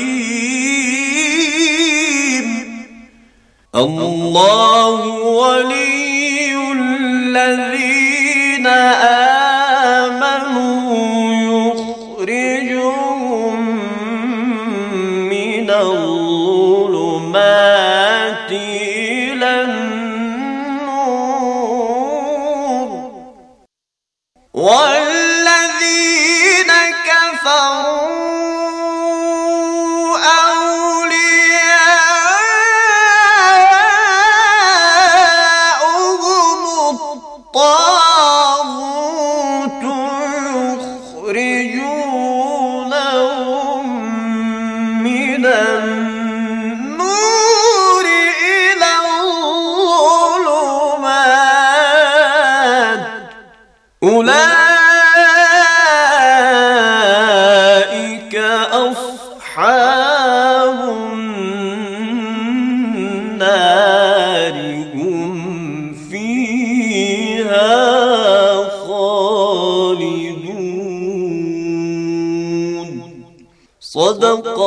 الرحيم الله ولي الذين آمنوا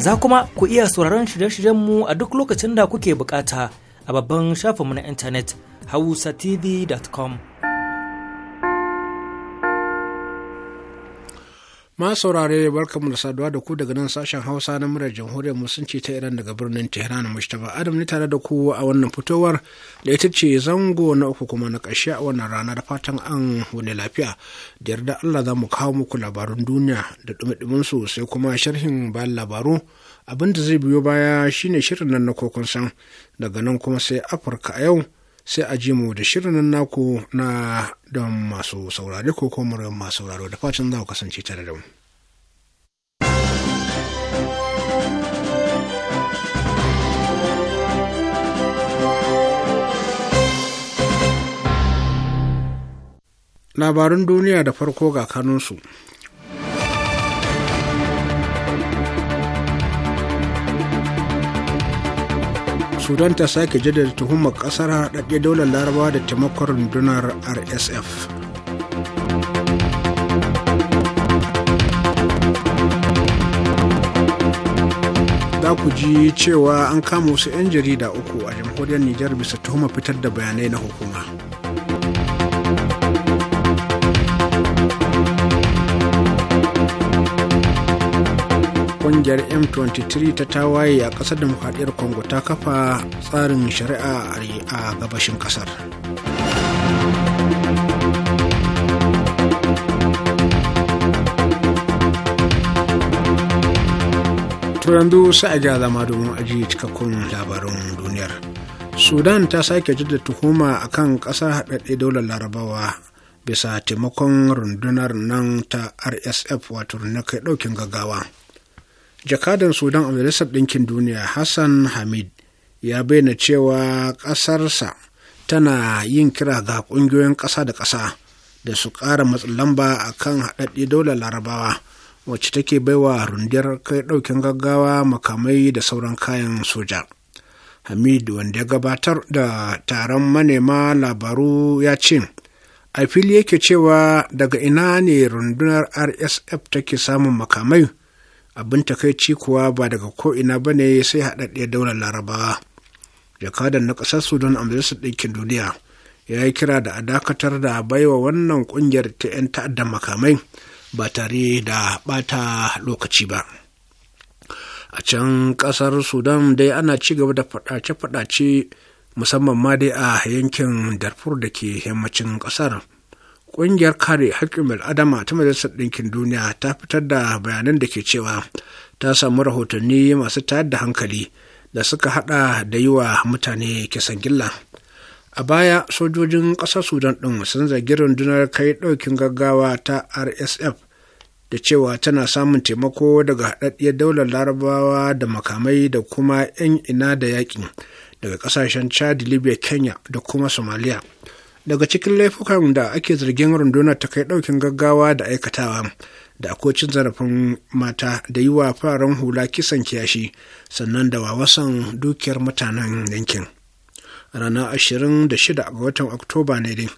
Za kuma ku iya sauraron shirye-shiryenmu a duk lokacin da kuke bukata a babban shafinmu na intanet hausatv.com ma saurare barkamu da saduwa da ku daga nan sashen hausa na murar jamhuriyar musulunci ta iran daga birnin tehran mustapha adam ne tare da ku a wannan fitowar da ita ce zango na uku kuma na ƙarshe a wannan rana da fatan an wani lafiya da yarda allah za mu kawo muku labarun duniya da dumi su sai kuma sharhin bayan labaru abin da zai biyo baya shine shirin nan na kokon san daga nan kuma sai afirka a yau sai a ji mu da shirin nan naku na don masu saurare ko kuma masu sauraro da fatan za ku kasance tare da mu. Labarin duniya da farko ga kanunsu. sudan ta sake jaddada tuhumar kasar haɗaɗɗe daular larabawa da taimakon rundunar rsf za ku ji cewa an kama wasu 'yan jarida uku a jamhuriyar nijar bisa tuhumar fitar da bayanai na hukuma kungiyar m23 ta tawaye a kasar demokradiyyar congo ta kafa tsarin shari'a a gabashin kasar turandu sa a ja zama domin aji cikakkun labarin duniyar sudan ta sake jidda tuhuma a kan kasar haɗaɗɗe daular larabawa bisa taimakon rundunar nan ta rsf wato na kai ɗaukin gaggawa jakadan sudan a majalisar ɗinkin duniya hassan hamid ya bayyana cewa ƙasarsa tana yin kira ga ƙungiyoyin ƙasa da ƙasa da su ƙara matsin lamba a kan haɗaɗɗe daular larabawa wacce take baiwa rundiyar kai ɗaukin gaggawa makamai da sauran kayan soja hamid wanda ya gabatar da taron manema labaru ya ce a fili yake cewa daga ina ne rundunar rsf take samun makamai abin takaici kuwa ba daga ko'ina ba ne sai haɗaɗɗe daular larabawa jakadan na ƙasar sudan a majalisar ɗinkin duniya ya yi kira da a dakatar da baiwa wannan ƙungiyar ta 'yan ta'addan makamai ba tare da ɓata lokaci ba a can ƙasar sudan dai ana ci gaba da faɗace-faɗace musamman ma dai a yankin darfur da ke yammacin ƙasar ƙungiyar kare haƙƙin al'adama ta majalisar ɗinkin duniya ta fitar da bayanan da ke cewa ta samu rahotanni masu tayar da hankali da suka haɗa da yi wa mutane kisan gilla a baya sojojin ƙasar sudan ɗin sun zargi rundunar kai ɗaukin gaggawa ta rsf da cewa tana samun taimako daga haɗaɗɗiyar daular larabawa da makamai da kuma 'yan ina da yaƙin daga ƙasashen chad libya kenya da kuma somalia daga cikin laifukan da ake zargin rundunar ta kai ɗaukin gaggawa da aikatawa da akocin zarafin mata da yi wa fararen hula kisan kiyashi sannan da wawasan dukiyar mutanen yankin ranar 26 ga watan oktoba ne dai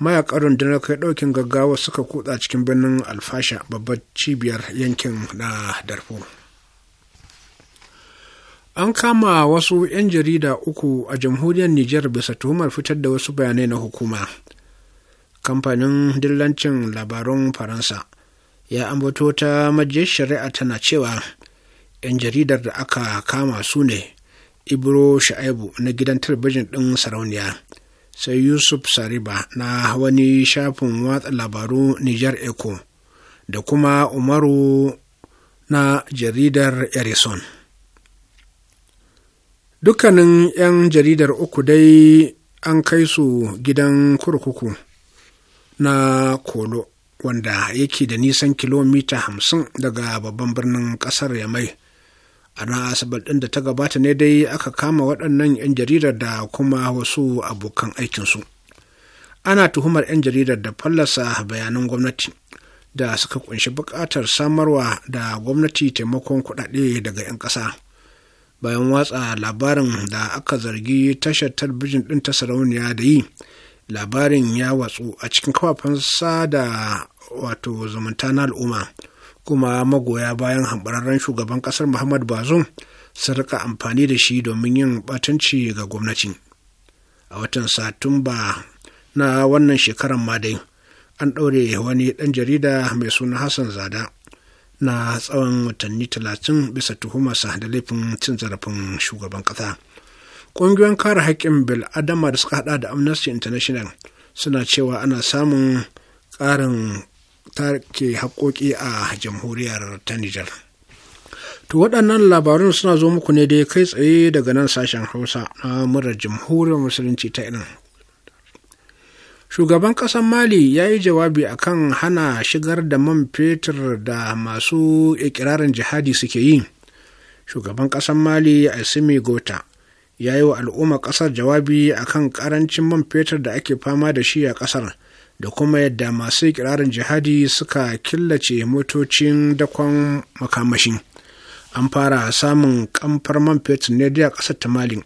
mayakan rundunar kai ɗaukin gaggawa suka kutsa cikin birnin alfasha babbar cibiyar yankin na darfur An kama wasu 'yan jarida uku a jamhuriyar Nijar bisa tuhumar fitar da wasu bayanai na hukuma. Kamfanin dillancin labarun Faransa ya ambato ta majiyar shari'a tana cewa 'yan jaridar da aka kama su ne Ibro Sha'ibu na gidan talabijin ɗin sarauniya. sai Yusuf Sariba na wani shafin watsa labaru Nijar Eko da kuma Umaru na jaridar Erison. dukkanin 'yan jaridar uku dai an kai su gidan kurkuku na kolo wanda yake da nisan kilomita hamsin daga babban birnin kasar yamai a na asabar ɗin da ta gabata ne dai aka kama waɗannan 'yan jaridar da kuma wasu abokan aikinsu ana tuhumar 'yan jaridar da fallasa bayanan gwamnati da suka kunshi buƙatar samarwa da gwamnati taimakon kuɗaɗe daga 'yan ƙasa bayan watsa labarin da aka zargi tashar talabijin ɗin ta sarauniya da yi labarin ya watsu a cikin kafafen sada wato zumunta na al'umma kuma magoya bayan hambararren shugaban ƙasar muhammad bazoum sun rika amfani da shi domin yin batanci ga gwamnati a watan satumba na wannan shekarar ma dai an ɗaure wani ɗan jarida mai suna hassan zada na tsawon watanni talatin bisa tuhumarsa da laifin cin zarafin shugaban ƙasa. Ƙungiyoyin kare haƙƙin bil'adama da suka haɗa da Amnesty International suna cewa ana samun ƙarin take haƙoƙi a jamhuriyar ta Nijar. To waɗannan labarun suna zo muku ne dai kai tsaye daga nan sashen Hausa na murar jamhuriyar Musulunci ta irin. shugaban ƙasar mali ya yi jawabi a kan hana shigar da man fetur da masu ikirarin jihadi suke yi shugaban ƙasar mali asimi gota ya yi wa al'umma ƙasar jawabi a kan ƙarancin man fetur da ake fama da shi a ƙasar da kuma yadda masu ikirarin jihadi suka killace motocin dakon makamashi an fara samun kamfar man fetur ne da ƙasar ta mali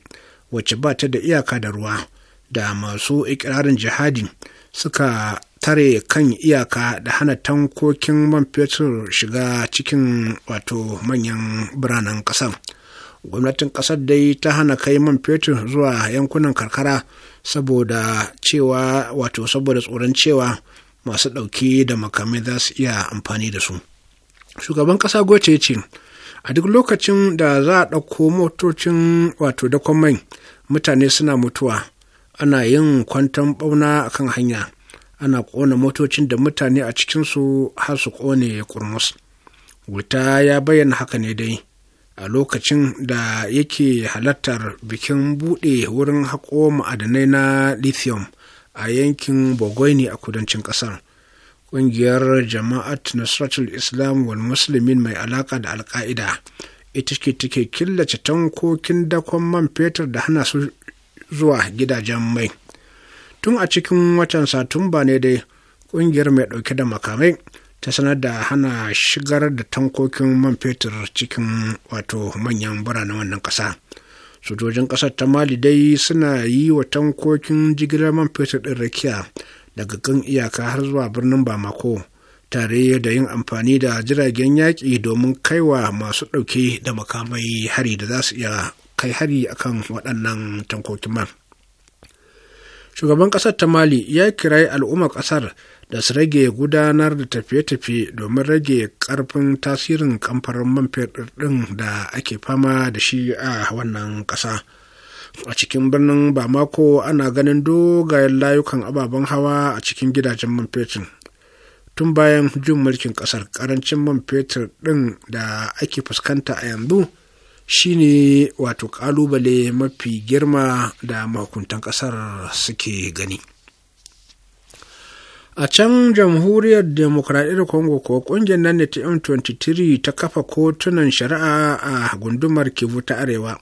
wacce ba ta da iyaka da ruwa da masu ikirarin jihadi suka tare kan iyaka da hana tankokin man fetur shiga cikin wato manyan biranen ƙasar gwamnatin ƙasar dai ta hana kai man fetur zuwa yankunan karkara saboda cewa wato saboda tsoron cewa masu ɗauki da makamai za su iya amfani da su shugaban ƙasa goce ce a duk lokacin da za a ɗauko motocin wato dakon mai mutane suna mutuwa ana yin kwantan bauna a kan hanya ana ƙona motocin da mutane a cikinsu har su ƙone kurmus wuta ya bayyana haka ne dai a lokacin da yake halartar bikin buɗe wurin haƙo ma'adanai na lithium a yankin bogoini a kudancin ƙasar ƙungiyar jama'at nasratul islam wal muslimin mai alaƙa da alƙa'ida ita ke take killace tankokin dakon man fetur da hana su zuwa gidajen mai tun a cikin watan satumba ne dai ƙungiyar mai ɗauke da makamai ta sanar da hana shigar da tankokin man fetur cikin wato manyan biranen wannan ƙasa sojojin ƙasar ta mali dai suna yi wa tankokin jigilar man fetur ɗin rakiya daga kan iyaka har zuwa birnin bamako tare da yin amfani da jiragen yaƙi domin kaiwa masu ɗauke da makamai hari da za su iya kai hari akan waɗannan tankokin man shugaban ƙasar ta mali ya kira al'ummar ƙasar da su rage gudanar da tafiye-tafiye domin rage ƙarfin tasirin kamfarin man fetur ɗin da ake fama da shi a wannan ƙasa a cikin birnin bamako ana ganin dogayen layukan ababen hawa a cikin gidajen man fetur tun bayan jin mulkin ƙasar ƙarancin man fetur ɗin da ake fuskanta a yanzu shine wato kalubale mafi girma da mahukuntan ƙasar suke gani a can jamhuriyar demokradiyyar congo ko ƙungiyar nan ta m23 ta kafa kotunan shari'a a gundumar kivu ta arewa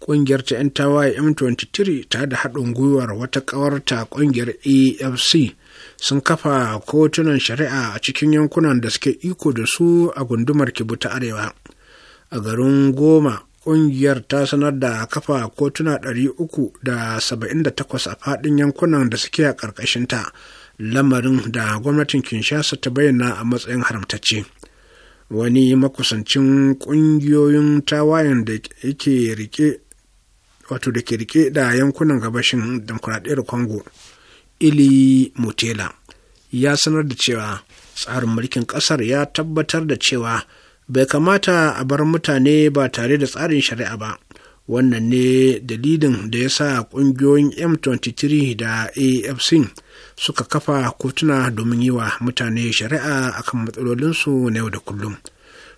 ƙungiyar ta 'yan tawaye m23 ta da haɗin gwiwar wata ƙawarta ƙungiyar afc sun kafa kotunan shari'a a cikin yankunan da suke iko da su a gundumar kibu ta arewa a garin goma ƙungiyar ta sanar da kafa kotuna 378 a faɗin yankunan da suke a ta, lamarin da gwamnatin kinshasa ta bayyana a matsayin haramtacce wani makusancin ƙungiyoyin tawayen da yake rike wato da ke rike da yankunan gabashin demokuraɗiyar congo ili mutela ya sanar da cewa tsarin mulkin ƙasar ya tabbatar da cewa bai kamata a bar mutane ba tare da tsarin shari'a ba wannan ne dalilin da ya sa ƙungiyoyin m23 da afc suka kafa kotuna domin yi wa mutane shari'a akan matsalolinsu na yau da kullum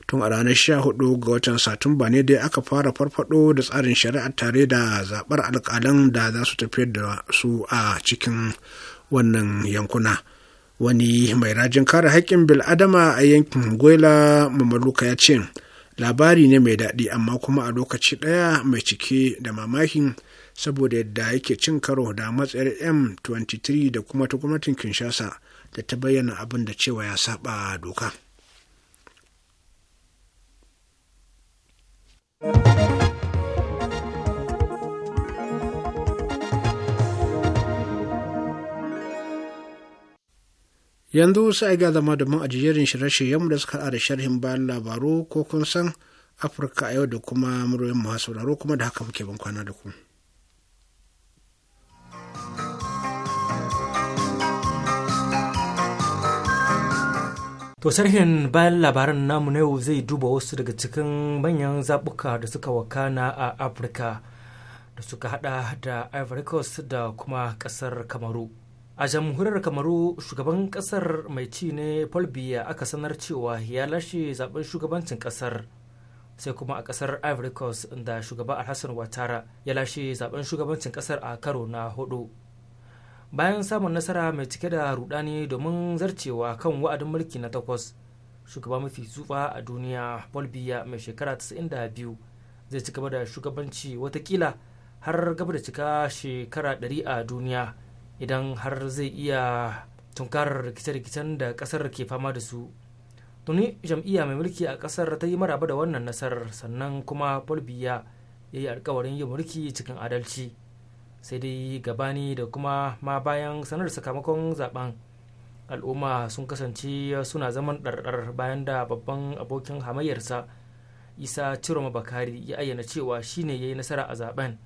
tun a ranar 14 ga watan satumba ne dai aka fara farfado da tsarin shari'a tare da zaɓar alƙalan da za su tafiyar da su a cikin wannan yankuna wani mai rajin kare haƙƙin bil'adama a yankin gwela mamaluka ya ce labari ne mai daɗi amma kuma a lokaci ɗaya mai cike da mamakin saboda yadda yake cin karo da matsayar m23 da kuma ta gwamnatin kinshasa da ta bayyana abin da cewa ya saba doka. yanzu sai ga zama domin a shirye-shiryenmu da suka da sharhin bayan labaru ko kun san afirka a yau da kuma muryoyin masu sauraro kuma da haka muke bankwana da ku. To sarhin bayan labaran namu na yau zai duba wasu daga cikin manyan zaɓuka da suka wakana a Afirka da suka hada da Ivory Coast da kuma ƙasar Kamaru. a jamhuriyar kamaru shugaban kasar mai ci ne paul biya aka sanar cewa ya lashe zaben shugabancin kasar sai kuma a kasar ivory coast da shugaba alhassan watara ya lashe zaben shugabancin kasar a karo na hudu bayan samun nasara mai cike da rudani domin zarcewa kan wa'adin mulki na takwas shugaba mafi zufa a duniya paul biya mai shekara biyu zai ci gaba da shugabanci watakila har gaba da cika shekara 100 a duniya idan har zai iya tunkarar rikice-rikicen da kasar ke fama da su tuni jam'iyya mai mulki a kasar ta yi maraba da wannan nasarar sannan kuma bolivia ya yi alkawarin yin mulki cikin adalci sai dai gabani da kuma ma bayan sanar sakamakon zaben al'umma sun kasance suna zaman ɗarɗar bayan da babban abokin hamayyarsa isa ciroma bakari ya ayyana cewa shine ya yi nasara a zaben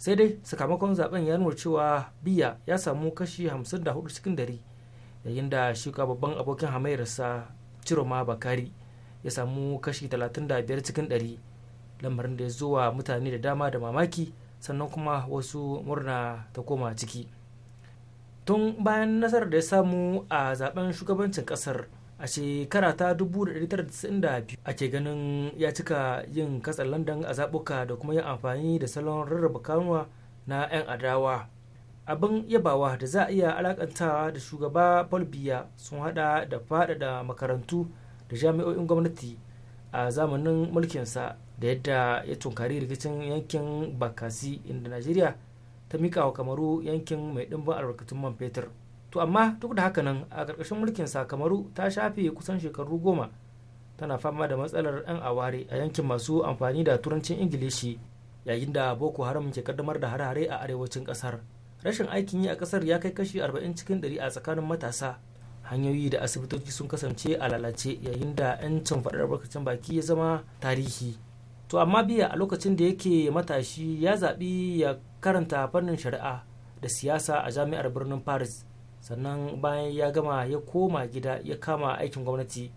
sai dai sakamakon zaben ya nuna cewa biya ya samu kashi 54 cikin dari yayin da shuka babban abokin hamayyarsa ciroma bakari ya samu kashi 35 cikin dari lamarin da ya zo wa mutane da dama da mamaki sannan kuma wasu murna ta koma ciki tun bayan nasarar da ya samu a zaben shugabancin kasar a shekara ta 1992 ake ganin ya cika yin katsar london a zabuka da kuma yin amfani da salon rarraba kanuwa na 'yan adawa abin yabawa da za a iya alakantawa da shugaba paul biya sun hada da faɗaɗa makarantu da jami'o'in gwamnati a zamanin mulkinsa da yadda ya tunkari rikicin yankin bakasi inda najeriya ta mika wa kamaru yankin mai ɗimbin albarkatun man fetur to amma duk da haka nan a ƙarƙashin mulkin sakamaru ta shafe kusan shekaru goma tana fama da matsalar 'yan aware a yankin masu amfani da turancin ingilishi yayin da boko haram ke kaddamar da harare a arewacin ƙasar rashin aikin yi a ƙasar ya kai kashi 40 cikin 100 a tsakanin matasa hanyoyi da asibitoci sun kasance a lalace yayin da 'yancin faɗar barkacin baki ya zama tarihi to amma biya a lokacin da yake matashi ya zaɓi ya karanta fannin shari'a da siyasa a jami'ar birnin paris sannan bayan ya gama ya koma gida ya kama aikin gwamnati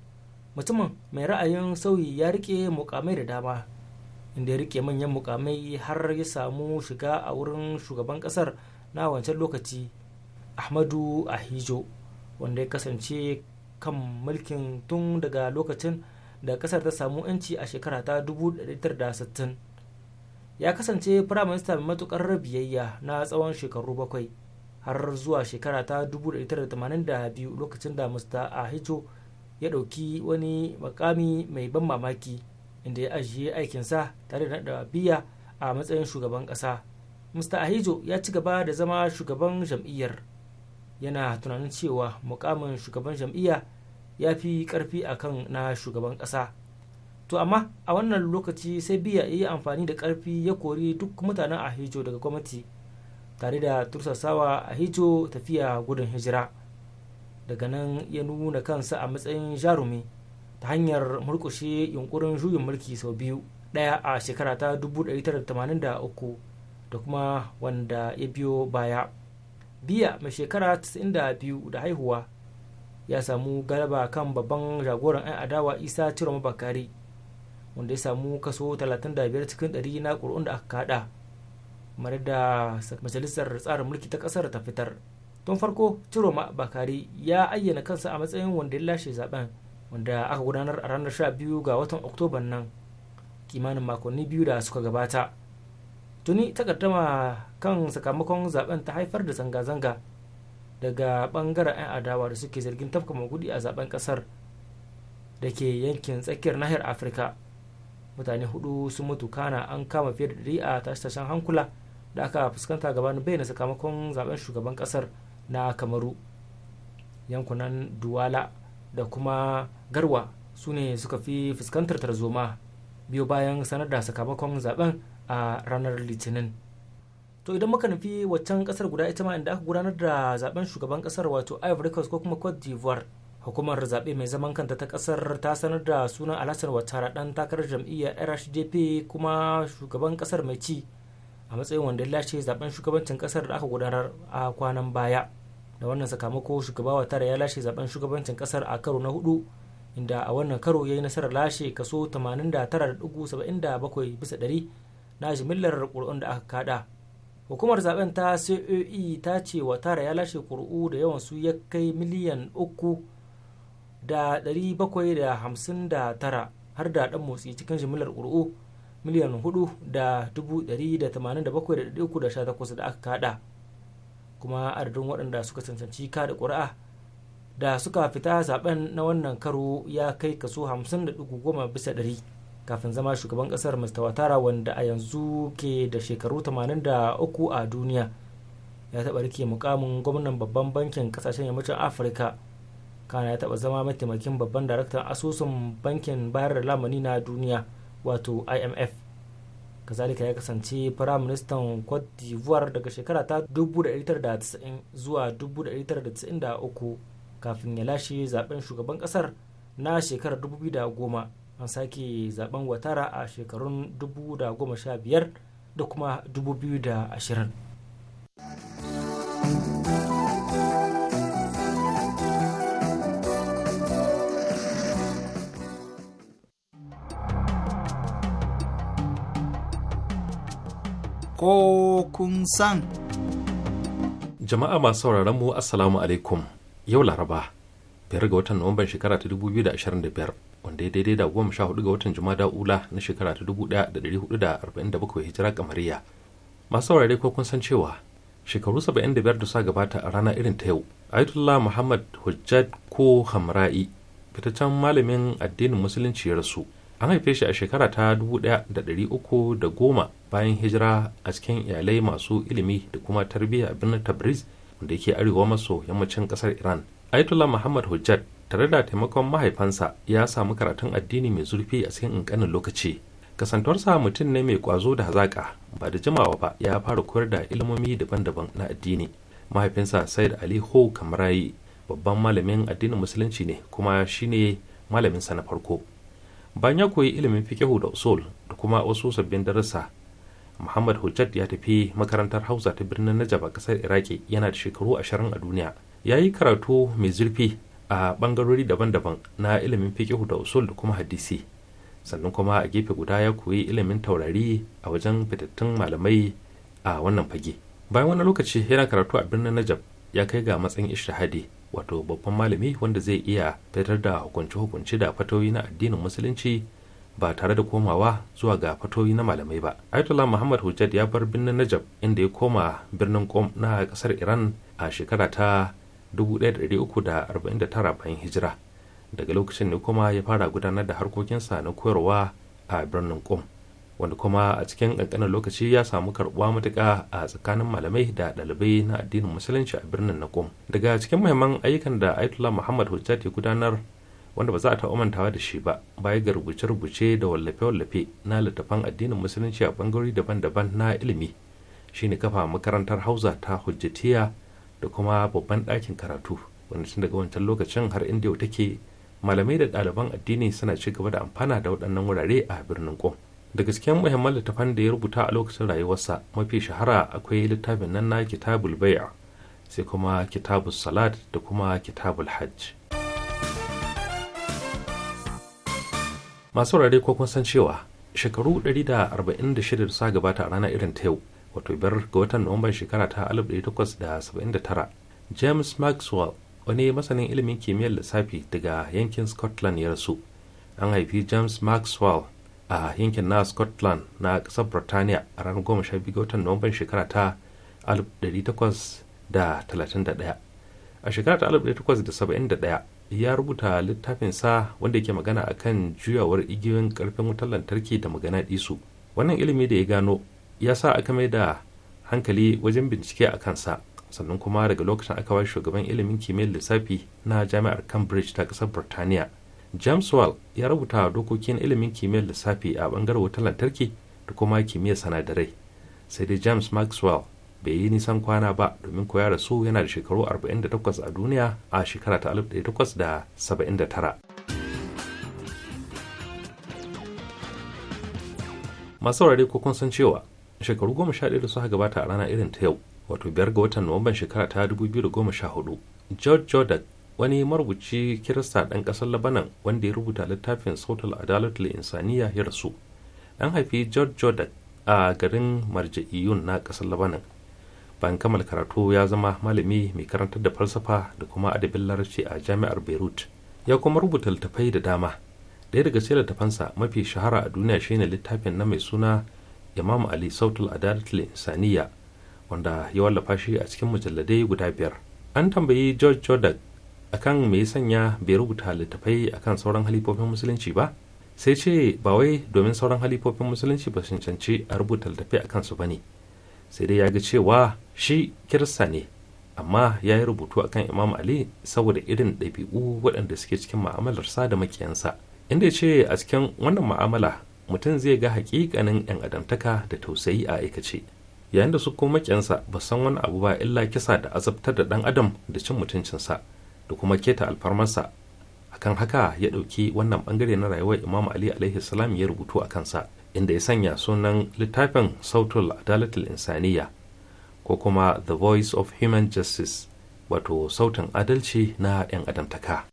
mutumin mai ra'ayin sauyi ya rike mukamai da dama inda ya rike manyan mukamai har ya samu shiga a wurin shugaban kasar na wancan lokaci ahmadu ahijo wanda ya kasance kan mulkin tun daga lokacin da kasar ta samu 'yanci a shekara ta 1960 ya kasance firaminista mai matukar biyayya na tsawon shekaru bakwai har zuwa shekara ta 1982 lokacin da mr ahijo ya ɗauki wani makami mai ban mamaki inda ya ajiye aikinsa tare da naɗa biya a matsayin shugaban ƙasa mr ahijo ya ci gaba da zama shugaban jam'iyyar yana tunanin cewa mukamin shugaban jam'iyya ya fi ƙarfi akan na shugaban ƙasa to amma a wannan lokaci sai biya ya yi amfani da ƙarfi ya kori duk mutanen ahijo daga gwamnati tare da tursasawa a hijo tafiya gudun hijira daga nan ya nuna kansa a matsayin jarumi ta hanyar murkushe yunkurin juyin mulki sau biyu ɗaya a shekara ta 1983 da kuma wanda ya biyo baya biya mai shekara 92 da haihuwa ya samu galaba kan babban jagoran 'yan adawa isa cire mabakari wanda ya samu kaso 35 cikin 100 na ƙuri'un da aka kada kamar da majalisar tsarin mulki ta kasar ta fitar tun farko ciroma bakari ya ayyana kansa a matsayin wanda ya lashe zaben wanda aka gudanar a ranar 12 ga watan oktoban nan kimanin makonni biyu da suka gabata tuni ta kaddama kan sakamakon zaben ta haifar da zanga-zanga daga bangaren 'yan adawa da suke zargin tafka magudi a zaben kasar da ke yankin tsakiyar nahiyar afirka mutane hudu sun mutu kana an kama fiye da a tashe hankula da aka fuskanta gabanin bayyana sakamakon zaben shugaban kasar na kamaru yankunan duwala da kuma garwa su ne suka fi fuskantar tarzoma biyu bayan sanar da sakamakon zaben a ranar litinin to idan muka nufi waccan kasar guda ita ma inda aka gudanar da zaben shugaban kasar wato ivory coast ko kuma cote d'ivoire hukumar zaɓe mai zaman kanta ta ƙasar ta sanar da sunan alasan watara ɗan takarar jam'iyyar rsdp kuma shugaban ƙasar mai ci a matsayin wanda lashe zaben shugabancin kasar da aka gudanar a kwanan baya da wannan sakamako shugaba watara ya lashe zaben shugabancin kasar a karo na hudu inda a wannan karo ya yi nasarar lashe kaso 89.77 bisa ɗari na jimillar ƙuri'un da aka kada hukumar zaben ta coe ta ce watara ya lashe ƙuri'u da yawan su ya kai miliyan uku da 759 har da ɗan motsi cikin jimillar ƙuri'u miliyan 4,187,318 da aka kada kuma adadin waɗanda suka cancanci kada ƙuri'a da suka fita zaben na wannan karo ya kai kaso 50.10 bisa ɗari kafin zama shugaban ƙasar mr watara wanda a yanzu ke da shekaru 83 a duniya ya taɓa rike mukamin gwamnan babban bankin ƙasashen yammacin afirka kana ya taɓa zama mataimakin babban daraktan asusun bankin bayar da lamani na duniya wato imf kazalika ya kasance firaministan cote d'ivoire daga shekara ta 1990 zuwa 1993 kafin ya lashe zaben shugaban kasar na shekarar 2010 an sake zaben watara a shekarun 2015 da kuma 2020 ko kun san. Jama'a masu sauraron mu Assalamu alaikum yau Laraba biyar ga watan Nuwamban shekara ta 2025 wanda ya daidai da goma sha hudu ga watan Jumada Ula na shekara ta 1447 hijira kamariya. Masu saurare ko kun san cewa shekaru 75 da sa gabata a rana irin ta yau ayatullah Muhammad hujjad ko Hamra'i fitaccen malamin addinin musulunci ya rasu. an haife shi a shekara ta 1310 bayan hijira a cikin iyalai masu ilimi da kuma tarbiyya a birnin tabriz wanda yake arewa maso yammacin kasar iran ayatollah muhammad hujjat tare da taimakon mahaifansa ya samu karatun addini mai zurfi a cikin ƙanƙanin lokaci kasantuwarsa mutum ne mai kwazo da hazaƙa ba da jimawa ba ya fara koyar da ilimomi daban-daban na addini mahaifinsa said ali ho kamarayi babban malamin addinin musulunci ne kuma shine malaminsa na farko bayan ya koyi ilimin fiqihu da usul da kuma wasu sabbin darussa muhammad hujjat ya tafi makarantar hausa ta birnin najab a kasar iraki yana da shekaru ashirin a duniya ya yi karatu mai zurfi a bangarori daban-daban na ilimin fiqihu da usul da kuma hadisi sannan kuma a gefe guda ya koyi ilimin taurari a wajen fitattun malamai a wannan fage bayan wani lokaci yana karatu a birnin najab ya kai ga matsayin ishtihadi wato babban malami wanda zai iya fitar da hukunce-hukunce da fatoyi na addinin musulunci ba tare da komawa zuwa ga fatoyi na malamai ba ayatollah muhammad hujjad ya bar birnin najab inda ya koma birnin qom na kasar iran a shekara ta 1349 bayan hijira daga lokacin ne kuma ya fara gudanar da harkokinsa na koyarwa a birnin qom wanda kuma a cikin ƙanƙanin lokaci ya samu karbuwa matuƙa a tsakanin malamai da ɗalibai na addinin musulunci a birnin na kom daga cikin muhimman ayyukan da aitula muhammad hujjat ya gudanar wanda ba za a taɓa mantawa da shi ba baya ga rubuce-rubuce da wallafe-wallafe na littattafan addinin musulunci a bangarori daban-daban na ilimi shine kafa makarantar hausa ta hujjatiya da kuma babban ɗakin karatu wanda tun daga wancan lokacin har inda yau take malamai da ɗaliban addini suna ci gaba da amfana da waɗannan wurare a birnin kom da gaskiyan muhimman littafan da ya rubuta a lokacin rayuwarsa mafi shahara akwai littafin nan na kitabul baya sai kuma kitabul salat da kuma kitabul hajj masu rare ko kun san cewa shekaru 146 sa gabata a ranar irin ta yau wato biyar ga watan nuwamban shekara ta 1879 james maxwell wani masanin ilimin kimiyyar lissafi daga yankin scotland ya rasu an haifi james maxwell a yankin na scotland na ƙasar birtaniya a ranar goma sha biyu ga watan nuwamban shekara ta 1831 a shekara ta 1871 ya rubuta littafin sa wanda yake magana akan juyawar igiyoyin karfin wutar lantarki da magana disu wannan ilimi da ya gano ya sa aka mai da hankali wajen bincike a kansa sannan kuma daga lokacin aka shugaban ilimin kimiyyar lissafi na jami'ar cambridge ta ƙasar birtaniya james wall ya rubuta dokokin ilimin kimiyyar lissafi a bangar wutar lantarki da kuma kimiyyar sanadarai sai dai james maxwell bai yi nisan kwana ba domin koya da su yana da shekaru 48 a duniya a shekara ta 1879 masu saurare ko kun san cewa shekaru goma sha da suka gabata a rana irin ta yau wato biyar ga watan nuwamban shekara ta 2014 george jordan wani marubuci kirista ɗan ƙasar labanan wanda ya rubuta littafin sautal adalatul insaniya ya rasu ɗan haifi george jordan a garin marja'iyun na ƙasar labanan bayan kammala karatu ya zama malami mai karantar da falsafa da kuma adabin larabci a jami'ar beirut ya kuma rubuta littafai da dama ɗaya daga cikin littafansa mafi shahara a duniya shine littafin na mai suna imam ali sautal adalatul insaniya wanda ya wallafa shi a cikin mujalladai guda biyar an tambayi george jordan akan me ya sanya bai rubuta littafai akan sauran halifofin musulunci ba sai ce ba wai domin sauran halifofin musulunci ba sun a rubuta littafai a kansu ba ne sai dai ya ga cewa shi kirista ne amma ya yi rubutu akan imam ali saboda irin ɗabi'u waɗanda suke cikin ma'amalarsa da makiyansa inda ya ce a cikin wannan ma'amala mutum zai ga haƙiƙanin yan adamtaka da tausayi a aikace yayin da su kuma makiyansa ba san wani abu ba illa kisa da azabtar da ɗan adam da cin mutuncinsa da kuma keta alfarmarsa akan haka ya ɗauki wannan ɓangare na rayuwar Imam ali alaihi salam ya rubutu a kansa inda ya sanya sunan littafin sautul adalatul insaniya ko kuma the voice of human justice wato sautin adalci na 'yan adamtaka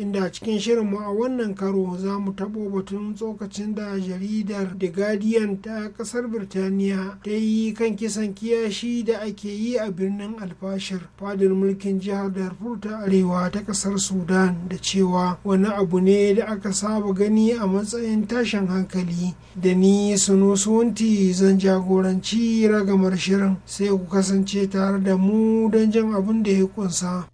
inda cikin shirinmu a wannan karo za mu taɓo batun tsokacin da jaridar the guardian ta ƙasar birtaniya ta yi kan kisan kiyashi da ake yi a birnin alfashir fadar mulkin jihar darfur ta arewa ta ƙasar sudan da cewa wani abu ne da aka saba gani a matsayin tashin hankali da ni suno suwanti zan jagoranci ragamar shirin sai ku kasance tare da mu don jin abin da ya kunsa.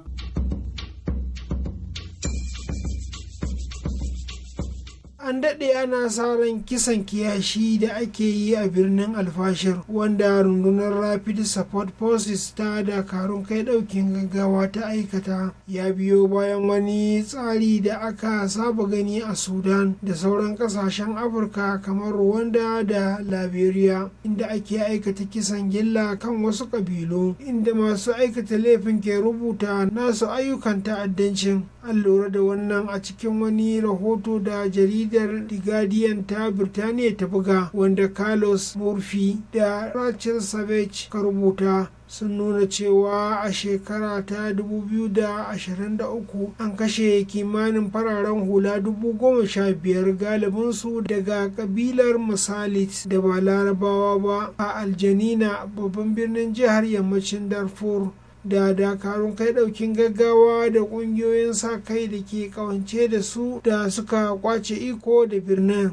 an daɗe ana sa ran kisan kiyashi da ake yi a birnin alfashir wanda rundunar rapid support forces ta dakarun kai ɗaukin gaggawa ta aikata ya biyo bayan wani tsari da aka saba gani a sudan da sauran ƙasashen afirka kamar rwanda da liberia inda ake aikata kisan gilla kan wasu ƙabilu inda masu aikata laifin ke rubuta nasu ayyukan ta'addancin an lura da wannan a cikin wani rahoto da jarida jaridar the guardian ta birtaniya ta buga wanda carlos murphy da rachel savage ka rubuta sun nuna cewa a shekara ta 2023 an kashe kimanin fararen hula 15,000 galibinsu daga kabilar masalit da ba larabawa ba a aljanina babban birnin jihar yammacin darfur da dakarun kai daukin gaggawa da kungiyoyin sa kai da ke kawance da su da suka kwace iko da birnin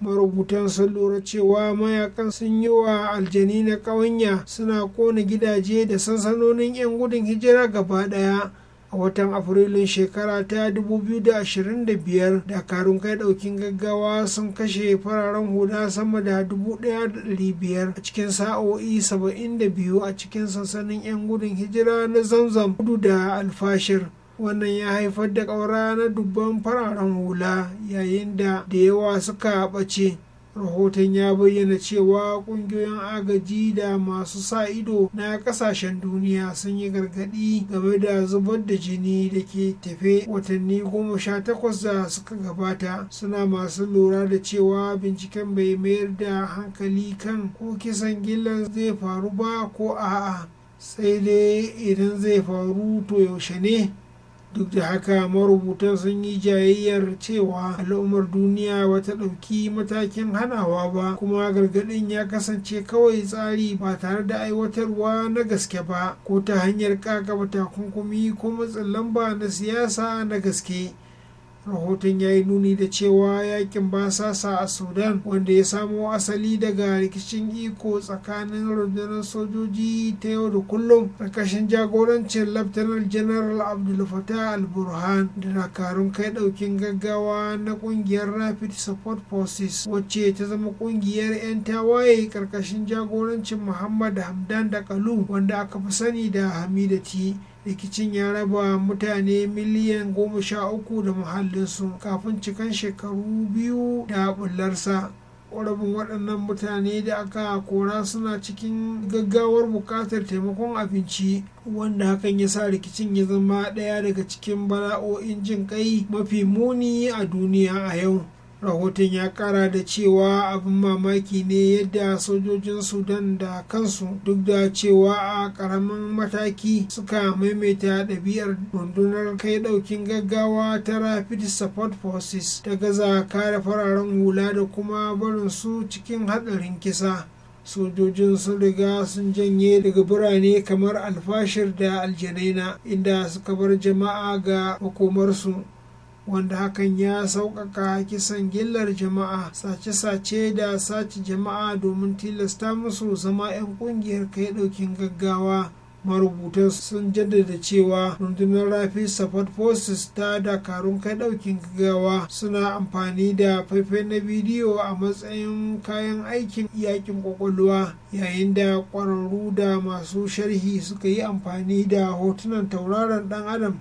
marubutan sun lura cewa mayakan sun yi wa aljani na ƙawanya suna kona gidaje da sansanonin 'yan gudun hijira gaba ɗaya a watan afrilun shekara ta 2025 dakarun kai daukin gaggawa sun kashe fararen hula sama da 1,500 a cikin sa'o'i 72 a cikin sansanin 'yan gudun hijira na zamzam gudu da alfashir wannan ya haifar da ƙaura na dubban fararen hula yayin da da yawa suka ɓace rahoton ya bayyana cewa kungiyoyin agaji da masu sa ido na kasashen duniya sun yi gargadi game da zubar da jini da ke tafe watanni goma sha takwas da suka gabata suna masu lura da cewa binciken bai mayar da hankali kan ko kisan gillan zai faru ba ko a'a sai dai idan zai faru to yaushe ne duk da haka marubutan sun yi jayayyar cewa al'ummar duniya ba ta ɗauki matakin hanawa ba kuma gargaɗin ya kasance kawai tsari ba tare da aiwatarwa na gaske ba ko ta hanyar kakaba takunkumi ko matsin lamba na siyasa na gaske rahoton ya yi nuni da cewa yakin basasa a sudan wanda ya samo asali daga rikicin iko tsakanin rundunar sojoji ta yau da kullum ƙarƙashin jagorancin laftanar general abdul fatah al-burhan da dakarun kai ɗaukin gaggawa na ƙungiyar rapid support forces wacce ta zama ƙungiyar 'yan tawaye ƙarƙashin jagorancin muhammad hamdan da kalu wanda aka fi sani da hamidati rikicin ya raba mutane miliyan goma sha uku da muhallinsu kafin cikan shekaru biyu da bullarsa rabin waɗannan mutane da aka kora suna cikin gaggawar buƙatar taimakon abinci wanda hakan ya sa rikicin ya zama ɗaya daga cikin bala'o'in jin ƙai mafi muni a duniya a yau rahoton ya kara da cewa abin mamaki ne yadda sojojin sudan da kansu duk da cewa a karamin mataki suka maimaita ɗabi'ar rundunar kai ɗaukin gaggawa ta rapid support forces ta gaza kare fararen hula da kuma barin su cikin haɗarin kisa sojojin sun riga sun janye daga birane kamar alfashir da aljanaina inda suka bar jama'a ga hukumarsu wanda hakan ya sauƙaƙa kisan gillar jama'a sace-sace da sace jama'a domin tilasta musu zama 'yan ƙungiyar kai ɗaukin gaggawa marubutan sun jaddada cewa rundunar rafi support forces ta dakarun kai ɗaukin gaggawa suna amfani da faifai na bidiyo a matsayin kayan aikin yakin kwakwalwa yayin da kwararru da masu sharhi suka yi amfani da hotunan tauraron dan adam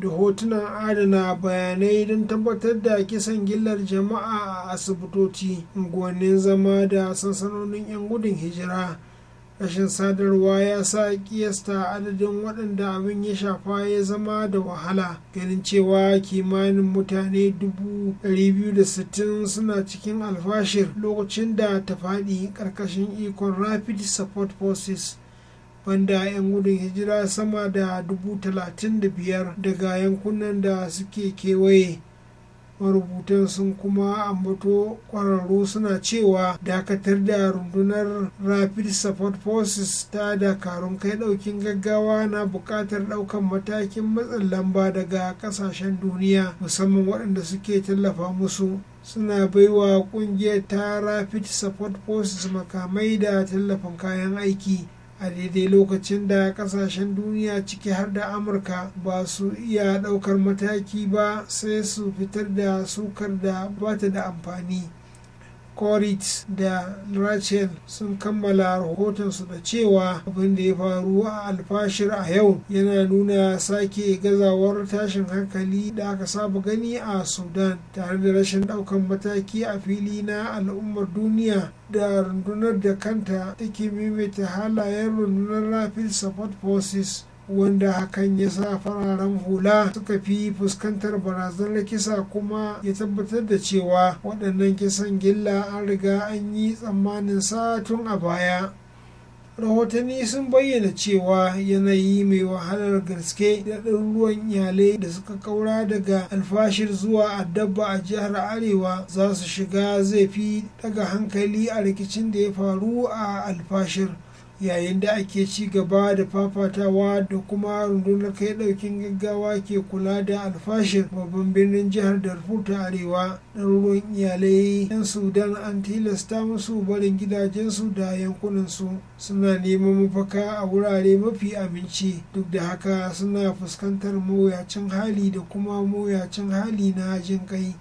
da hotunan adana bayanai don tabbatar da kisan gillar jama'a a asibitoci unguwannin zama da sansanonin 'yan gudun hijira rashin sadarwa ya sa kiyasta adadin waɗanda abin ya shafa ya zama da wahala ganin cewa kimanin mutane 260 suna cikin alfashir lokacin da ta faɗi ƙarƙashin ikon rapid support forces Wanda 'yan gudun hijira sama da dubu talatin da biyar daga yankunan da suke kewaye marubutan sun kuma ambato kwararru suna cewa dakatar da rundunar rapid support forces ta dakarun kai daukin gaggawa na bukatar daukan matakin matsin lamba daga kasashen duniya musamman waɗanda suke tallafa musu suna baiwa kungiyar ta rapid support forces makamai da tallafin kayan aiki a daidai lokacin da kasashen duniya ciki har da amurka ba su iya daukar mataki ba sai su fitar da sukar da bata da amfani koritz da rachel sun kammala rahotonsu da cewa abin da ya faru a alfashir a yau yana nuna sake gazawar tashin hankali da aka saba gani a sudan tare da rashin daukan mataki a fili na al'ummar duniya da rundunar da kanta take maimaita halayen rundunar rapid support forces wanda hakan ya sa fararen hula suka fi fuskantar barazanar kisa kuma ya tabbatar da cewa waɗannan kisan gilla an riga an yi tsammanin sa tun a baya rahotanni sun bayyana cewa yanayi mai wahalar gaske da ɗaruruwan iyalai da suka kaura daga alfashir zuwa addabba a jihar arewa za su shiga zai fi daga hankali a rikicin da ya faru a alfashir yayin da ake ci gaba da fafatawa da kuma rundunar kai daukin gaggawa ke kula da alfashin babban birnin jihar darfur ta arewa ɗaruruwan iyalai 'yan sudan an tilasta musu barin gidajensu da yankunansu suna neman mafaka a wurare mafi aminci duk da haka suna fuskantar mawuyacin hali da kuma mawuyacin hali na jin kai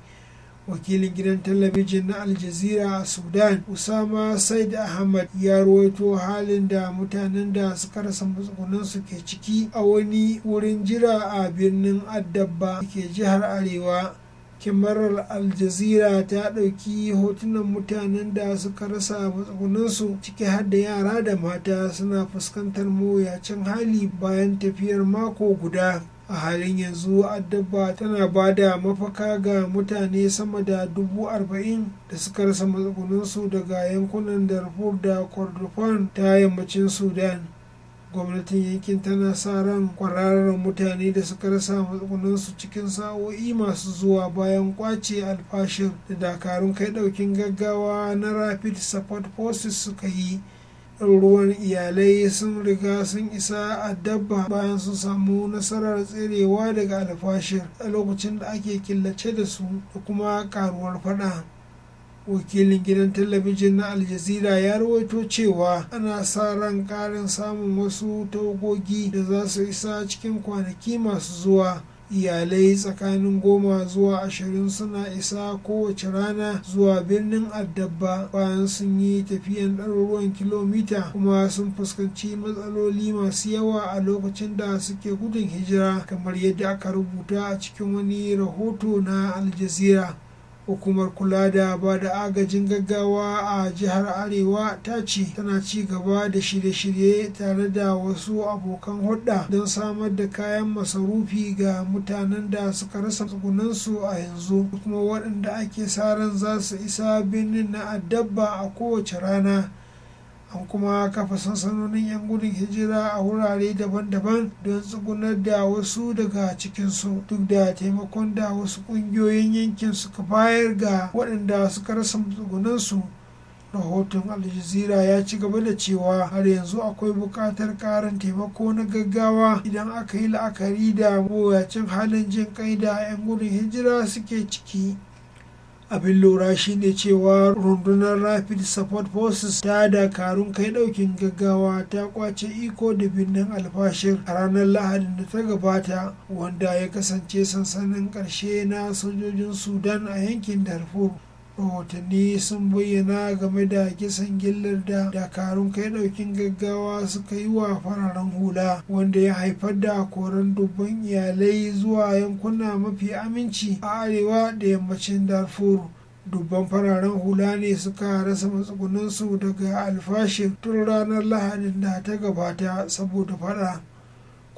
wakilin gidan talabijin na aljazira a sudan usama said ahmad ya ruwaito halin da mutanen da suka rasa matsugunansu ke ciki a wani wurin jira a birnin addabba ke jihar arewa kimarar aljazira ta ɗauki hotunan mutanen da suka rasa matsugunansu ciki har da yara da mata suna fuskantar mawuyacin hali bayan tafiyar mako guda a halin yanzu addabba tana ba da mafaka ga mutane sama da dubu arba'in da suka rasa matsugunansu daga yankunan darfur da kordofan ta yammacin sudan gwamnatin yankin tana sa ran kwararren mutane da suka rasa matsugunansu cikin sa'o'i masu zuwa bayan kwace alfashin da dakarun kai daukin gaggawa na rapid support forces suka yi ruwan iyalai sun riga sun isa a dabba bayan sun samu nasarar tserewa daga alfashir a lokacin da ake killace da su da kuma karuwar fada wakilin gidan talabijin na aljazira ya rawaito cewa ana sa ran karin samun wasu tagogi da za su isa cikin kwanaki masu zuwa iyalai tsakanin goma zuwa ashirin suna isa kowace rana zuwa birnin addabba bayan sun yi tafiyan ɗaruruwan kilomita kuma sun fuskanci matsaloli masu yawa a lokacin da suke gudun hijira kamar yadda aka rubuta a cikin wani rahoto na aljazeera hukumar kula da ba da agajin gaggawa a jihar arewa ta ce tana ci gaba da shirye-shirye tare da wasu abokan hulɗa don samar da kayan masarufi ga mutanen da suka rasa tsugunansu a yanzu kuma waɗanda ake sa za su isa birnin na addabba a kowace rana an kuma kafa sansanonin 'yan gudun hijira a wurare daban-daban don tsugunar da wasu daga cikinsu duk da taimakon da wasu ƙungiyoyin yankin suka bayar ga waɗanda suka rasa tsugunansu rahoton Aljazeera ya ci gaba da cewa har yanzu akwai buƙatar ƙarin taimako na gaggawa idan aka yi la'akari da mawuyacin halin jin kai da 'yan gudun hijira suke ciki abin lura shine cewa rundunar rapid support forces ta dakarun kai daukin gaggawa ta kwace iko da birnin alfashir a ranar lahadin da ta gabata wanda ya kasance sansanin karshe na sojojin sudan a yankin darfur rahotanni sun bayyana game da kisan gillar da dakarun kai daukin gaggawa suka yi wa fararen hula wanda ya haifar da koran dubban iyalai zuwa yankuna mafi aminci a arewa da yammacin darfur dubban fararen hula ne suka rasa matsugunansu daga alfashin tun ranar lahadin da ta gabata saboda fada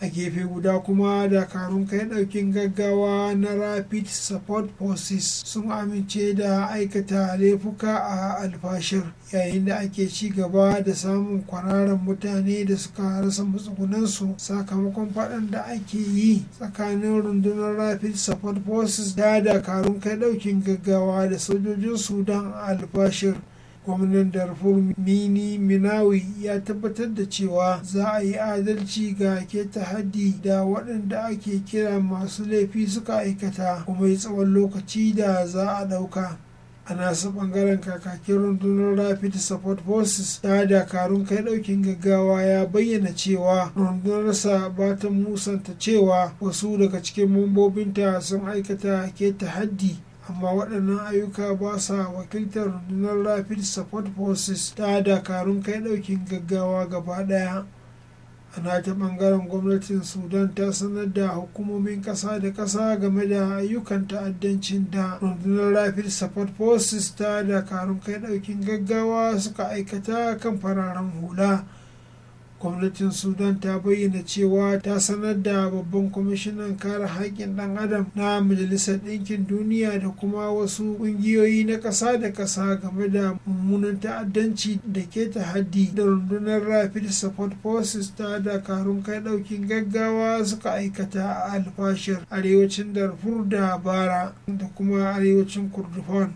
a gefe guda kuma dakarun kai daukin gaggawa na rapid support forces sun amince da aikata laifuka a alfashir yayin da ake ci gaba da samun kwararan mutane da suka rasa matsugunansu sakamakon faɗan da ake yi tsakanin rundunar rapid support forces da dakarun kai daukin gaggawa da sojojin sudan alfashir gwamnan darfur mini minawi ya tabbatar da cewa za a yi adalci ga keta haddi da waɗanda ake kira masu laifi suka aikata kuma yi tsawon lokaci da za a ɗauka a nasu ɓangaren kakakin rundunar rapid support forces ta dakarun kai ɗaukin gaggawa ya bayyana cewa rundunarsa ba ta musanta cewa wasu daga cikin mambobinta sun aikata ke haddi. amma waɗannan ayyuka ba sa wakiltar rundunar rapid support forces ta dakarun kai ɗaukin gaggawa gaba ɗaya a nata ɓangaren gwamnatin sudan ta sanar da hukumomin ƙasa da ƙasa game da ayyukan ta'addancin da rundunar rapid support forces ta dakarun kai ɗaukin gaggawa suka aikata kan fararen hula gwamnatin sudan ta bayyana cewa ta sanar da babban kwamishinan kare haƙƙin ɗan adam na majalisar ɗinkin duniya da kuma wasu ƙungiyoyi na ƙasa da ƙasa game da mummunan ta'addanci da ke ta haddi da rundunar rapid support forces ta dakarun kai ɗaukin gaggawa suka aikata a alfashir arewacin darfur da bara da kuma arewacin kurdufan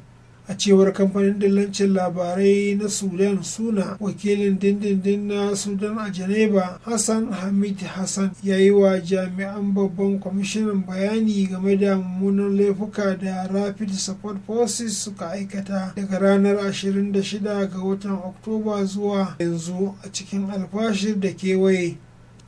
a cewar kamfanin dillancin labarai na sudan suna wakilin dindindin na sudan a geneva hassan hamid hassan ya yi wa jami'an babban kwamishinan bayani game da mummunan laifuka da rapid support forces suka aikata daga ranar 26 ga watan oktoba zuwa yanzu a cikin alfashir da kewaye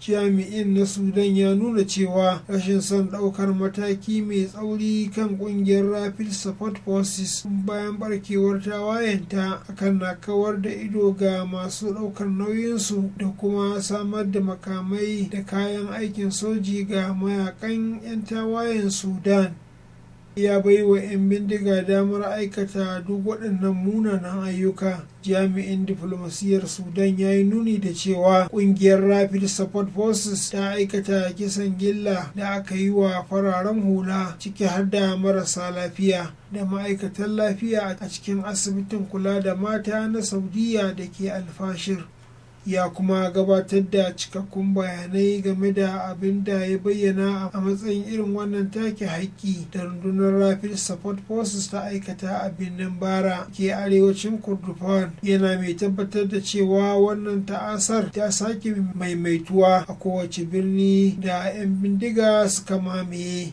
jami'in na sudan ya nuna cewa rashin son ɗaukar mataki mai tsauri kan ƙungiyar rapid support forces bayan barkewar tawayenta akan na kawar da ido ga masu ɗaukar nauyinsu da kuma samar da makamai da kayan aikin soji ga mayakan 'yan tawayen sudan ya bai wa 'yan bindiga damar aikata duk waɗannan munanan ayyuka jami'in diflomasiyyar sudan ya yi nuni da cewa ƙungiyar rapid support forces ta aikata kisan gilla da aka yi wa fararen hula ciki har da marasa lafiya da ma'aikatan lafiya a cikin asibitin kula da mata na saudiya da ke alfashir ya kuma gabatar da cikakkun bayanai game da abin da ya bayyana a matsayin irin wannan take haƙƙi da rundunar rapid support forces ta aikata a birnin bara ke arewacin kurdufan yana mai tabbatar da cewa wannan ta'asar ta sake maimaituwa a kowace birni da 'yan bindiga suka mamaye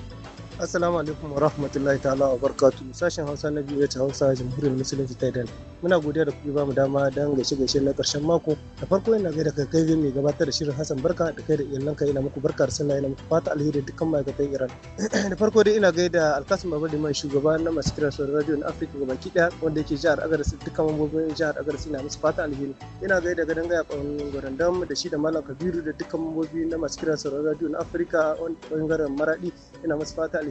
Assalamu alaikum wa rahmatullahi ta'ala wa barkatu sashen Hausa na biyu ta Hausa Jamhuriyar Musulunci ta Idan. Muna godiya da kuke ba mu dama don gaishe gaishe na karshen mako. Da farko ina gaida kai kai mai gabatar da shirin Hassan Barka da kai da iyalanka ina muku barka da sallah ina muku fata alheri da dukkan ma'aikatan Iran. da farko dai ina gaida Alkasim Babadi mai shugaba na masu kiran sauran radio na Afirka gabaki daya wanda yake jihar Agadez dukkan mambobin jihar Agadez ina musu fata alheri. Ina gaida ga gaya ɓangaren dam da shi da Malam Kabiru da dukkan mambobi na masu kiran sauran radio na Afirka ɓangaren Maradi ina musu fata alheri.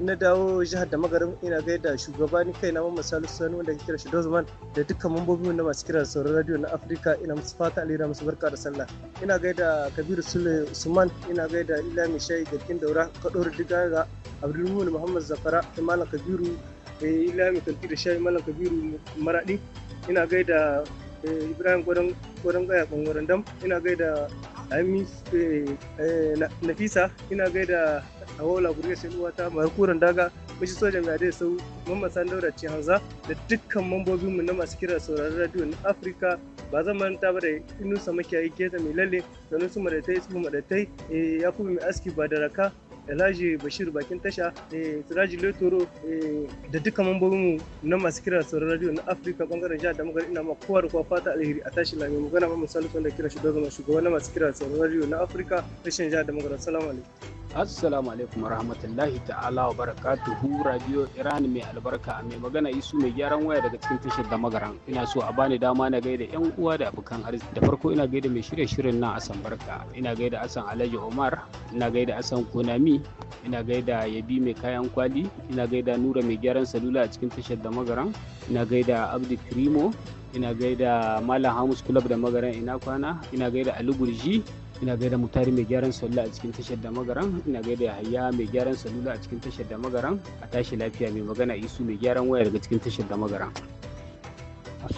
na dawo jihar da magarin ina gaida shugaba ni na mamman salisu sani wanda kira shi dozman da dukkan mambobin na masu kiran sauran radio na afirka ina musu fata alira musu barka da sallah ina gaida kabiru sule usman ina gaida ila mai shayi kin daura kadori ga abdulmuhammad muhammad zafara malam kabiru eh, ila mai kanti da shayi malam kabiru maradi ina gaida eh, ibrahim gwadon gaya kwangwaren dam ina gaida Eh, nafisa ina gaida a wola guriyar shanuwa ta markuran daga mashi sojan gade sau mamman sandaura cihanza da dukkan mambobinmu na masu kira sauraron radio na afirka ba zan manta ba da inusa makiyayi keta mai lalle sanusu madatai su madatai eh, ya kuma mai aski ba da raka Elaji Bashir Bakin Tasha, eh, Siraji Letoro eh, da duka mambobinmu na masu kira sauran radio na Afirka bangaren jihar da magana ina ma kowa da kowa fata alheri a tashi lami magana ma misali da kira shugaban shugaban na masu kira sauran radio na Afirka rashin jihar da magana. Assalamu alaikum. Assalamu alaikum rahmatullahi ta'ala wa barakatuhu Radio Iran mai albarka mai magana isu mai gyaran waya daga cikin tashar da magaran ina so a bani dama na gaida yan uwa da abokan arziki da farko ina gaida mai shirye shirin na asan barka ina gaida asan Alhaji Omar ina gaida asan Konami ina gaida Yabi mai kayan kwali ina gaida Nura mai gyaran salula a cikin tashar da magaran ina gaida Abdi Krimo ina gaida Malam Hamus Club da magaran ina kwana ina gaida Ali Gurji ina gaida mutari mai gyaran salula a cikin tashar da magaran ina gaida yahaya mai gyaran salula a cikin tashar da magaran a tashi lafiya mai magana isu mai gyaran waya daga cikin tashar da magaran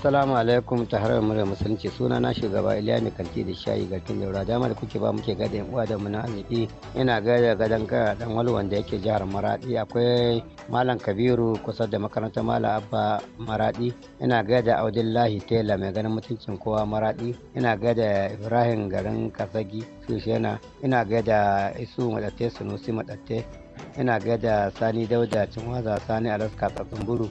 Assalamu alaikum ta harar murar musulunci suna na shugaba Iliya mai kanti da shayi tun daura dama da kuke ba muke gada yan uwa da muna arziki ina gada gadon kara dan wani wanda yake jihar Maradi akwai Malam Kabiru kusa da makarantar Malam Abba Maradi ina gada Audillahi Tela mai ganin mutuncin kowa Maradi ina gada Ibrahim garin Kasagi Shushena ina gada Isu Madatte Sunusi Madatte ina gada Sani Dauda Cinwaza Sani Alaska Tsatsun Buru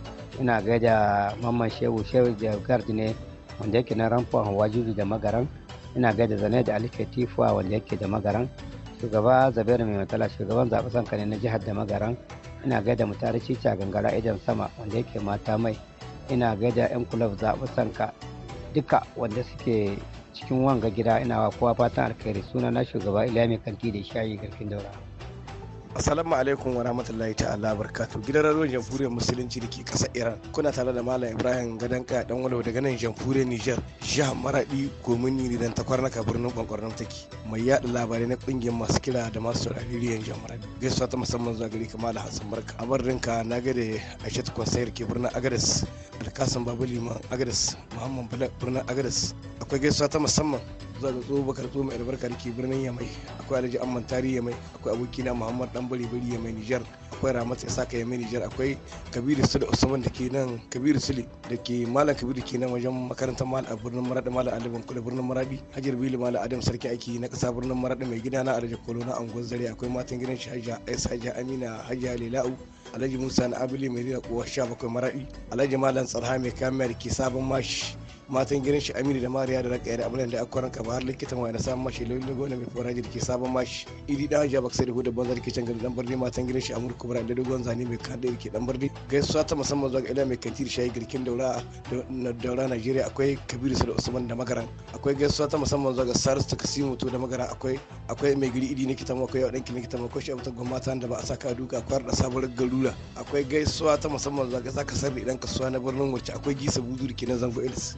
ina gaida mamman shehu shehu gard ne wanda yake na ramfon wajibi da magaran ina gaida zane da alife tifuwa wanda yake da magaran shugaba zabera mai matsala shugaban zaɓe sanka ne na jihar da magaran ina gaida mutare cica gangara idan sama wanda yake mata mai ina gaida yan kulab zaɓen sanka duka wanda suke cikin wanga gida ina wa kowa fatan alkhairi suna na shugaba ilami kanti da shayi garkin daura. Assalamu alaikum wa rahmatullahi ta'ala barkatu. Gidan radio Jamhuriyar Musulunci da ke ƙasa Iran. Kuna tare da Malam Ibrahim Gadanka dan wani daga nan Jamhuriyar Niger, jihar Maradi, gomin da dan takwarnaka birnin Kwankwarnan take. Mai yada labarai na ƙungiyar masu kira da masu saurari riyan Maradi. Gaisuwa ta musamman zuwa gari kamar Hassan Barka. A barinka na ga da Aishat Kwansayar ke birnin Agadas, Alkasan Babu Liman Agadas, Muhammad Bala birnin Agadas. Akwai gaisuwa ta musamman ka zo baka zo mai albarka da ke birnin yamai akwai alhaji amman tarihi yamai akwai abokina muhammad dan bari bari yamai nijar akwai ramat isaka yamai nijar akwai kabiru sule usman da ke nan kabiru sule da ke malam kabiru ke nan wajen makarantar mal a birnin maradi malam aliban kula birnin maradi hajar bili malam adam sarki ake na kasa birnin maradi mai gida na alhaji kolo na angon zare akwai matan gidan shi hajja aisa hajja amina hajja lela'u alhaji musa na abili mai rina kowa sha bakwai maradi alhaji malam tsarha mai kamar ke sabon mashi matan gidan shi aminu da mariya da raka da abulan da akwaran kama har likita mai da samun mashi lauyi gona mai faraji jirki sabon mashi idi dan ja sai da hudu banzar kicin gari dan birni matan gidan shi amurka kubra da dogon zane mai kada da ke dan birni gaisuwa ta musamman zuwa ga ila mai kanti da shayi girkin daura na daura najeriya akwai kabiru su da usman da magaran akwai gaisuwa ta musamman zuwa ga sars ta kasimu to da magaran akwai akwai mai giri idi nikitan akwai yau ɗanki nikitan akwai shi abuta gwamnati da ba a saka duka akwai da sabuwar garura akwai gaisuwa ta musamman zuwa ga zaka sarri idan kasuwa na birnin wacce akwai gisa budu da ke na zango ilis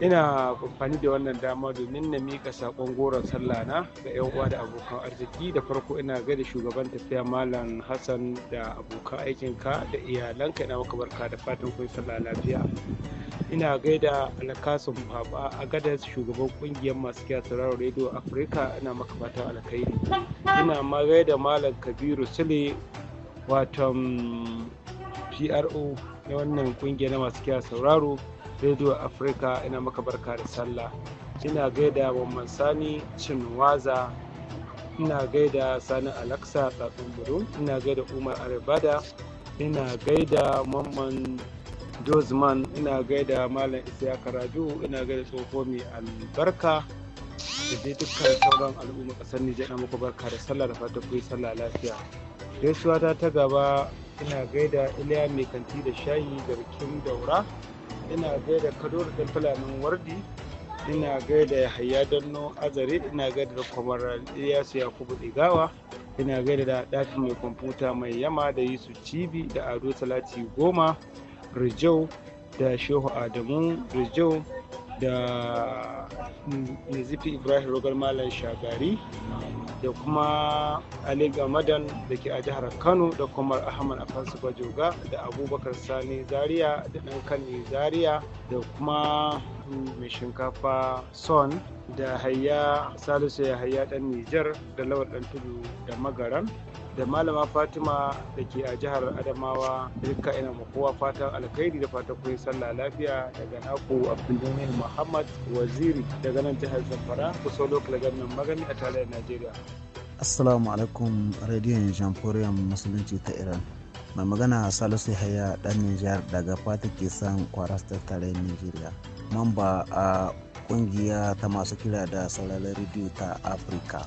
ina amfani da wannan dama domin na mika sakon goron sallah na ga yan uwa da abokan arziki da farko ina gaida shugaban tafiya malam hassan da abokan aikinka da iyalanka ina maka barka da fatan kun sallah lafiya ina gaida alkasun baba a gada shugaban kungiyar masu kiya sauraron radio afirka ina maka fatan alkhairi ina ma gaida malam kabiru sule waton pro na wannan kungiyar masu kiya sauraro radio africa ina maka barka da sallah ina gaida wa sani cinwaza ina gaida sani alaksa tsatsun buru ina gaida umar arabada ina gaida mamman dozman ina gaida malam isiyaka rabiu ina gaida tsoho mai albarka da dai dukkan sauran al'umma kasar nijar na muku barka da sallah da fata kuyi sallah lafiya gaisuwa ta ta gaba ina gaida iliya mai kanti da shayi garkin daura ina gaida kaduru da fulanin wardi ina gaida yahaya danno azare ina gaida kwamar iyasu kubu digawa ina gaida da ɗakin mai kwamfuta mai yama da yusu cibi da ado salati goma rijau da shehu adamu rijau da nizifi ibrahim rogar malam shagari da kuma ali gamadan da ke a jihar kano da kuma ahmad afansu bajoga da abubakar sani zaria da dan kani zaria da kuma mai shinkafa son da hayya salisu ya hayya dan nijar da lawar dan tudu da magaran da malama fatima da ke a jihar adamawa duka ina kowa fatan alkhairi da fatan kun sallah lafiya daga naku abdulmumin muhammad waziri daga nan jihar zamfara ku solo nan magani a tarayyar najeriya assalamu alaikum radiyon jamhuriyar musulunci ta iran mai magana salisu haya dan nijar daga fata ke san kwarastar ta tarayyar nigeria mamba a kungiya ta masu kira da sauraron rediyo ta afirka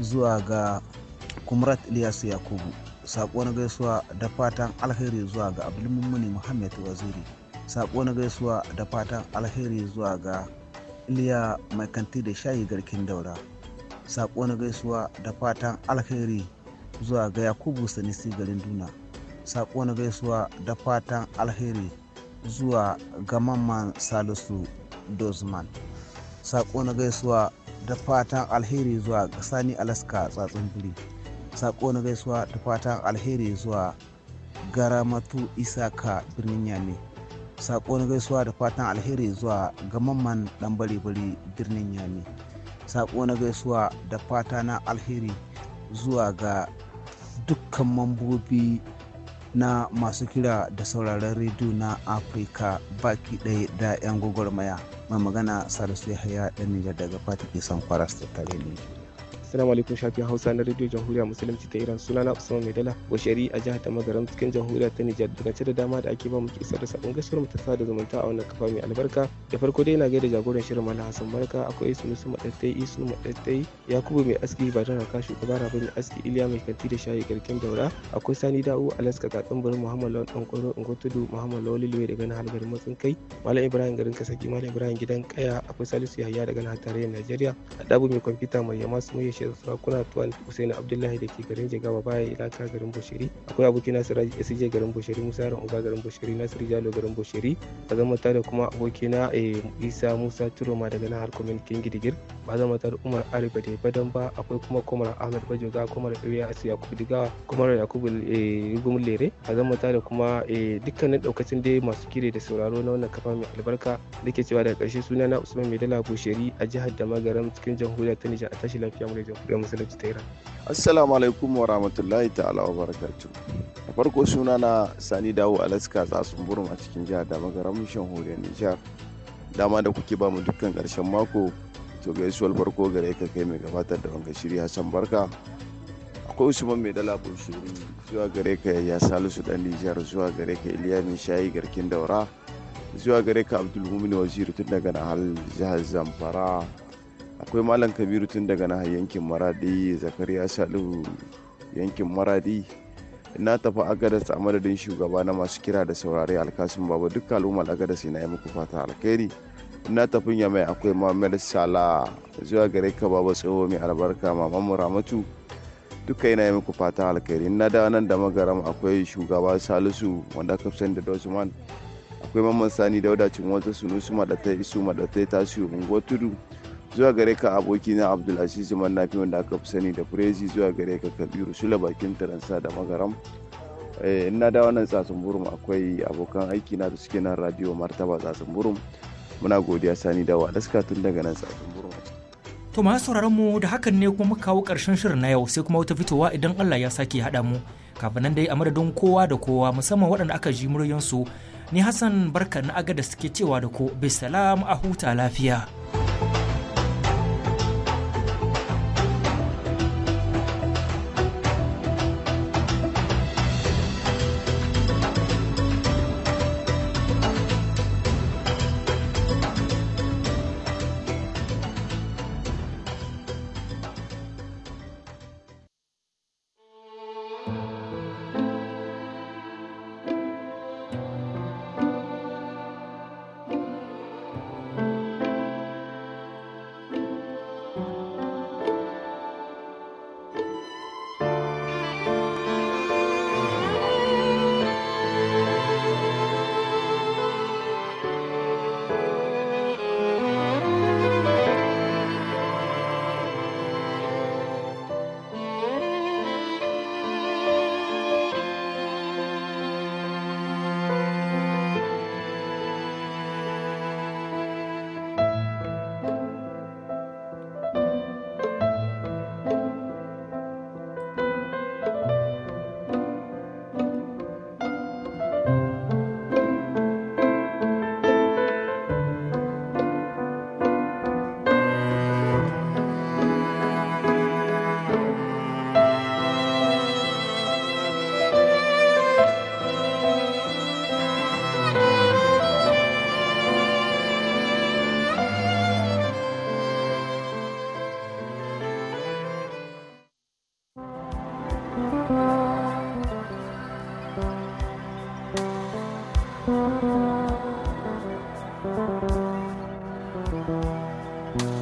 zuwa ga kumrat ilyasu yakubu na gaisuwa da fatan alheri zuwa ga abdulmumuni muhammad waziri na gaisuwa da fatan alheri zuwa ga iliya mai kanti da shayi garkin daura na gaisuwa da fatan alheri zuwa ga yakubu sanisi garin duna na gaisuwa da fatan alheri zuwa ga mamman salisu dozman na gaisuwa da fatan alheri zuwa sani alaska tsatsin biri sako na gaisuwa da fatan alheri zuwa garamatu isaka birnin yame sako na gaisuwa da fatan alheri zuwa gamamman dan bari-bari birnin yame sako na gaisuwa da fata na alheri zuwa ga dukkan mambobi na masu kira da sauraron rediyo na afirka baki ɗaya da 'yan gwagwarmaya magana magana salisu haya ɗan nijar daga fata ke kwaras ta tare ne Assalamu alaikum shafin Hausa na Radio Jamhuriya Musulunci ta Iran suna na Usman Maidala Bashari a jihar Tamagaram cikin Jamhuriya ta Nijar daga da dama da ake ba mu isar da sabon gaskiyar mu ta sada zumunta a wannan kafa mai albarka da farko dai ina gaida jagoran shirin Malam Hassan Barka akwai Isu Musu madaddai Isu madaddai Yakubu mai aski ba da raka shugaba Rabi mai aski Iliya mai kanti da shayi garkin daura akwai Sani Da'u Alaska Katsin Burin Muhammad Lawan go tudu Muhammad Lawal lilwe daga nan halgarin matsin kai Malam Ibrahim garin Kasaki Malam Ibrahim gidan Kaya akwai Salisu Yahaya daga nan tarayyar Najeriya dabu mai kwamfuta mai yama su kungiyar sarakuna tuwan Usaini Abdullahi da ke garin Jigawa baya ilaka garin Bushiri akwai abokina Siraji SJ garin Bushiri Musa Yaron uba garin Bushiri Nasiru Jalo garin Bushiri ba zama da kuma aboki na eh, Isa Musa Turoma daga nahar Kwamin King Gidigir ba zama da Umar arifa da Badan ba akwai kuma Kwamar Ahmed Bajoga Kwamar Ɗauya Asu Yakubu Digawa Kwamar Yakubu Rigum eh, Lere ba zama da kuma eh, dukkanin ɗaukacin dai masu kire da sauraro na wannan kafa mai albarka da ke cewa daga ƙarshe suna na Usman Maidala Bushiri a jihar Damagaram cikin jamhuriyar ta Nijar a tashi lafiya mu da jamhuriyar musulunci ta iran assalamu alaikum wa rahmatullahi ta'ala wa barakatu da farko suna na sani dawo alaska tsatsun burin a cikin jihar da magaram jamhuriyar nijar dama da kuke ba mu dukkan karshen mako to gaisuwar farko gare ka kai mai gabatar da wanga shiri hassan barka akwai usman mai dala bushiri zuwa gare ka ya salisu dan nijar zuwa gare ka iliya mai shayi garkin daura zuwa gare ka abdulmumin wazir tun daga hal jihar zamfara akwai malam kabiru tun daga na yankin maradi zakariya salihu yankin maradi na tafi agadas a madadin shugaba na masu kira da saurare alkasun baba duk al'ummar agadas na yi muku fata alkhairi na tafi ya mai akwai mamar sala zuwa gare ka baba tsoho mai albarka maman Muramatu ramatu duka yana yi muku fata alkhairi na da nan da magaram akwai shugaba salisu wanda aka fi da dosman akwai mamman sani dauda cin wata sunusu madatai isu madatai tasiri unguwar tudu zuwa gare ka abokina abdulaziz mannafi wanda aka fi sani da furezi zuwa gare ka kabiru shula bakin taransa da magaram eh, ina na nan tsatsun burum akwai abokan aiki na da suke nan radio martaba tsatsun burum muna godiya sani da wadaska tun daga nan tsatsun burum to masu sauraron mu da hakan ne kuma muka kawo karshen shirin na yau sai kuma wata fitowa idan Allah ya sake haɗa mu kafin nan dai a madadin kowa da kowa musamman waɗanda aka ji su ni Hassan barka na aga da suke cewa da ko bisalam a huta lafiya. Thank you.